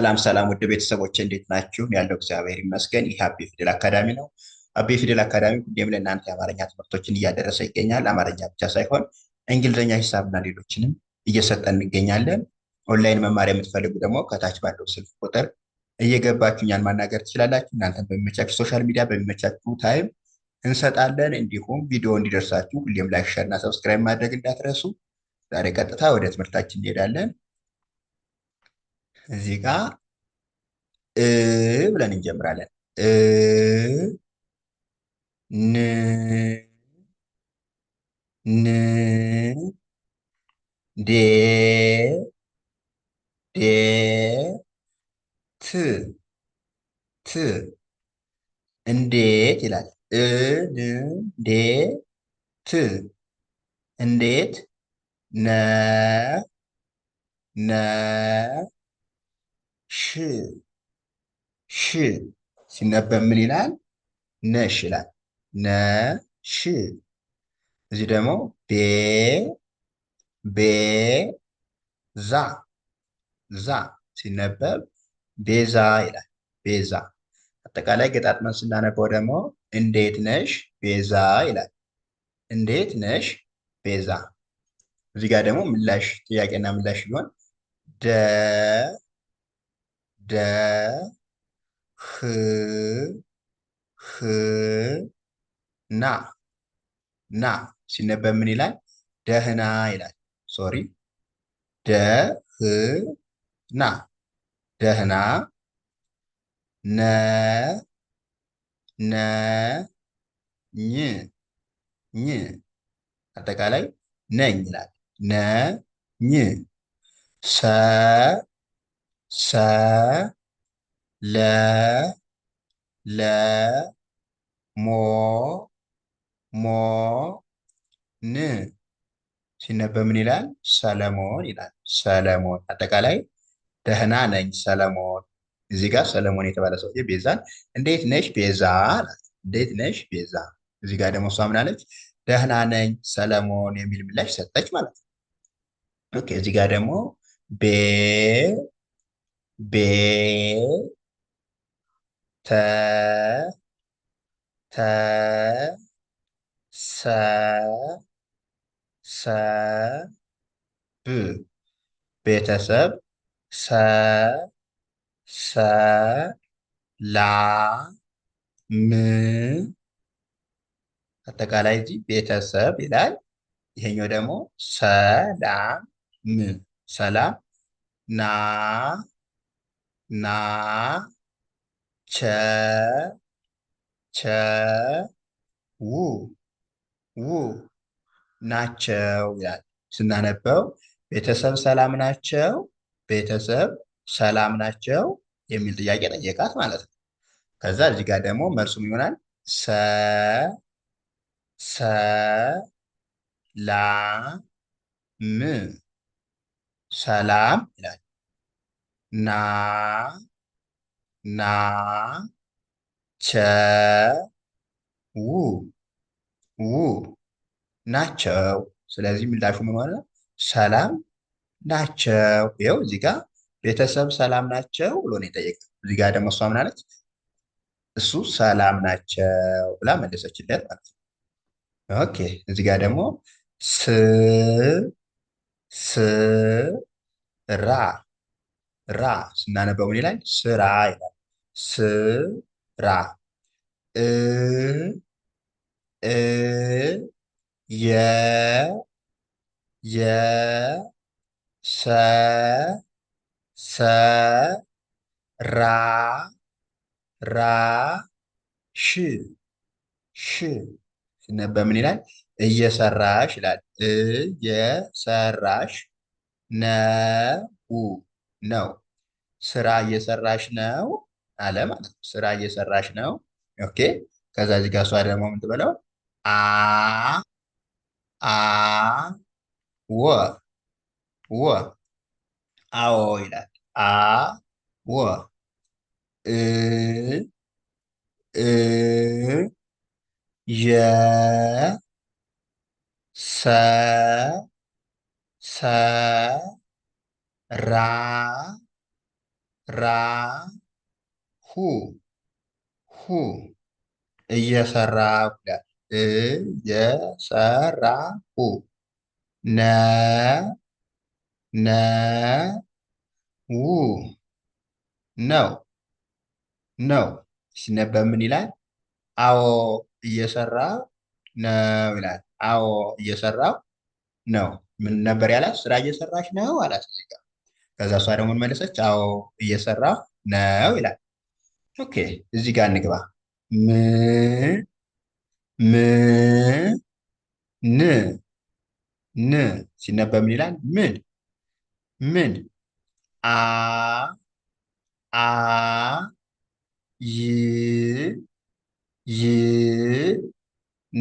ሰላም ሰላም ወደ ቤተሰቦች እንዴት ናችሁ? ያለው እግዚአብሔር ይመስገን። ይህ አቤ ፊደል አካዳሚ ነው። አቤ ፊደል አካዳሚ ሁሌም ለእናንተ የአማርኛ ትምህርቶችን እያደረሰ ይገኛል። አማርኛ ብቻ ሳይሆን እንግሊዝኛ፣ ሂሳብና ሌሎችንም እየሰጠን እንገኛለን። ኦንላይን መማሪያ የምትፈልጉ ደግሞ ከታች ባለው ስልክ ቁጥር እየገባችሁ እኛን ማናገር ትችላላችሁ። እናንተ በሚመቻችሁ ሶሻል ሚዲያ በሚመቻችሁ ታይም እንሰጣለን። እንዲሁም ቪዲዮ እንዲደርሳችሁ ሁሌም ላይክ፣ ሸርና ሰብስክራይብ ማድረግ እንዳትረሱ። ዛሬ ቀጥታ ወደ ትምህርታችን እንሄዳለን። እዚህ ጋ እ ብለን እንጀምራለን። እ ን ን ዴ ዴ ት ት እንዴት ይላል። እ ን ዴ ት እንዴት ነ ነ ሽ ሽ ሲነበብ ምን ይላል? ነሽ ይላል። ነሽ እዚህ ደግሞ ቤ ቤ ዛ ዛ ሲነበብ ቤዛ ይላል። ቤዛ አጠቃላይ ገጣጥመን ስናነበው ደግሞ እንዴት ነሽ ቤዛ ይላል። እንዴት ነሽ ቤዛ። እዚህ ጋር ደግሞ ምላሽ ጥያቄና ምላሽ ቢሆን ደ ደ ህ ህ ና ና ሲነበብ ምን ይላል? ደህና ይላል። ሶሪ ደህና ደህና ነ ነ ኝ ኝ አጠቃላይ ነኝ ይላል። ነ ኝ ሰ ሰ ለ ለ ሞ ሞ ን ሲነበብ ምን ይላል? ሰለሞን ይላል። ሰለሞን አጠቃላይ ደህና ነኝ ሰለሞን። እዚህ ጋር ሰለሞን የተባለ ሰውዬ ቤዛን እንዴት ነሽ ቤዛ አላት። እንዴት ነሽ ቤዛ። እዚህ ጋር ደግሞ እሷ ምናለች? ደህና ነኝ ሰለሞን የሚል ምላሽ ሰጠች ማለት ነው። ኦኬ እዚህ ጋር ደግሞ ቤ ቤተሰብ ቤተሰብ ሰ ሰ ላ ም አጠቃላይ እዚህ ቤተሰብ ይላል። ይሄኛው ደግሞ ሰላም ም ሰላም ና ና ቸ ቸ ው ው ናቸው ይላል። ስናነበው ቤተሰብ ሰላም ናቸው፣ ቤተሰብ ሰላም ናቸው የሚል ጥያቄ ጠየቃት ማለት ነው። ከዛ እዚህ ጋር ደግሞ መልሱም ይሆናል ሰ ሰ ላ ም ሰላም ይላል። ና ና ቸ ው ው ናቸው። ስለዚህ ምላሹ ምን ሆነ? ሰላም ናቸው። ይኸው እዚህ ጋ ቤተሰብ ሰላም ናቸው ብሎ ነው የጠየቀው። እዚህ ጋ ደግሞ እሷ ምናለች? እሱ ሰላም ናቸው ብላ መለሰችለት ማለት ነው። ኦኬ እዚህ ጋ ደግሞ ስ ስ ራ ራ ስናነበው ምን ይላል? ስራ ይላል። ስራ እ እ የ የ ሰ ሰ ራ ራ ሽ ሽ ስነበ ምን ይላል? እየሰራሽ ይላል። እየሰራሽ ነው ነው ስራ እየሰራሽ ነው አለ ማለት ነው። ስራ እየሰራሽ ነው። ኦኬ ከዛ እዚህ ጋር እሷ ደግሞ ምን ትበለው? አ አ ወ ወ አዎ ይላል። አ ወ እ እ የ ሰ ሰ ራ ራሁ ሁ እየሰራሁ እየሰራሁ ነ ነ ው ነው ነው ሲነበብ ምን ይላል? አዎ እየሰራሁ ነው ይላል። አዎ እየሰራሁ ነው። ምን ነበር ያላት? ስራ እየሰራች ነው አላት እዚህ ጋር ከዛ እሷ ደግሞ መለሰች፣ አዎ እየሰራ ነው ይላል። ኦኬ እዚህ ጋር እንግባ። ም ም ን ን ሲነበብ ምን ይላል? ምን ምን አ አ ይ ይ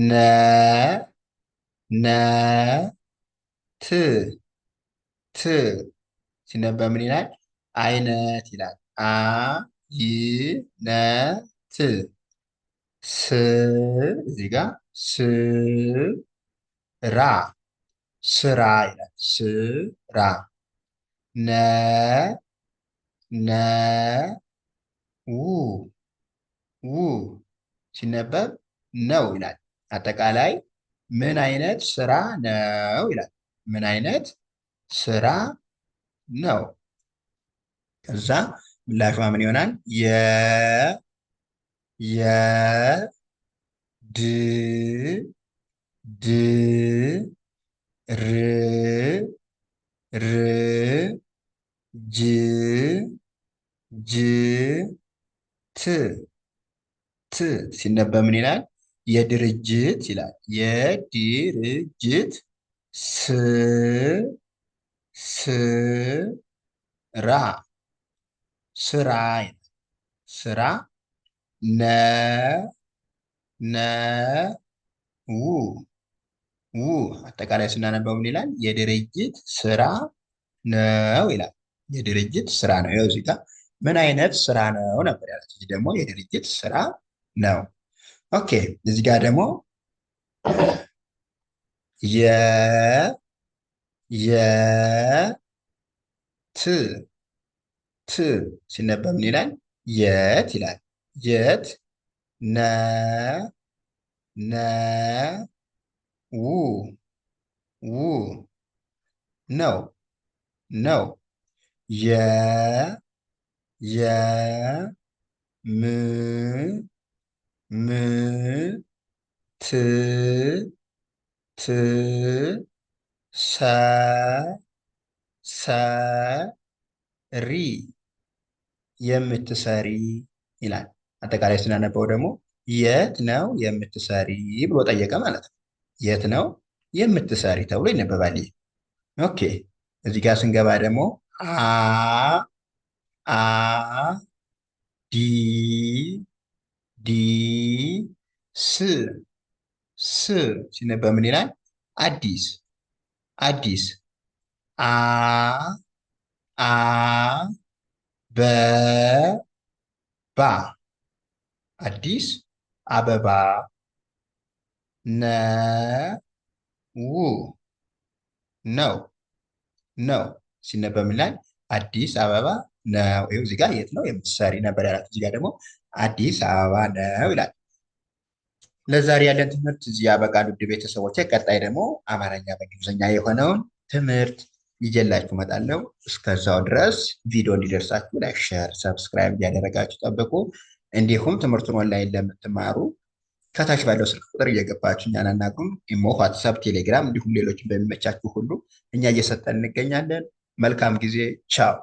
ነ ነ ት ት ሲነበብ ምን ይላል? አይነት ይላል። አ ይ ነ ት ስ እዚህ ጋ ስ ራ ስራ ይላል። ስራ ነ ነ ው ው ሲነበብ ነው ይላል። አጠቃላይ ምን አይነት ስራ ነው ይላል። ምን አይነት ስራ ነው። ከዛ ምላሿ ምን ይሆናል? የ የ ድ ድ ር ር ጅ ጅ ት ት ሲነበብ ምን ይላል? የድርጅት ይላል። የድርጅት ስ ስ ራ ስራ ስራ ነ ነ ው ው አጠቃላይ ስናነባው ምን ይላል? የድርጅት ስራ ነው ይላል። የድርጅት ስራ ነው። ይኸው እዚህ ምን አይነት ስራ ነው ነበር ያለች። እዚህ ደግሞ የድርጅት ስራ ነው። ኦኬ እዚህ ጋር ደግሞ የ የ ት ት ሲነበብ ምን ይላል? የት ይላል። የት ነ ነ ው ው ነው ነው የ የ ም ም ት ት ሰ ሰሪ የምትሰሪ ይላል። አጠቃላይ ስናነበው ደግሞ የት ነው የምትሰሪ ብሎ ጠየቀ ማለት ነው። የት ነው የምትሰሪ ተብሎ ይነበባል። ኦኬ እዚህ ጋር ስንገባ ደግሞ አ አ ዲ ዲ ስ ስ ሲነበብ ምን ይላል? አዲስ አዲስ አ አ በ ባ አዲስ አበባ ነ ው ነው ነው ሲነበብ ምን አዲስ አበባ ነው። ይኸው እዚህ ጋር የት ነው የምትሰሪ ነበር ያላት። እዚህ ጋር ደግሞ አዲስ አበባ ነው ይላል። ለዛሬ ያለን ትምህርት እዚህ ያበቃል። ውድ ቤተሰቦቼ፣ ቀጣይ ደግሞ አማርኛ በእንግሊዝኛ የሆነውን ትምህርት ይጀላችሁ መጣለው። እስከዛው ድረስ ቪዲዮ እንዲደርሳችሁ ላይክ፣ ሼር፣ ሰብስክራይብ እያደረጋችሁ ጠብቁ። እንዲሁም ትምህርቱን ኦንላይን ለምትማሩ ከታች ባለው ስልክ ቁጥር እየገባችሁ እኛን አናግሩን። ኢሞ፣ ዋትሳፕ፣ ቴሌግራም እንዲሁም ሌሎችን በሚመቻችሁ ሁሉ እኛ እየሰጠን እንገኛለን። መልካም ጊዜ። ቻው።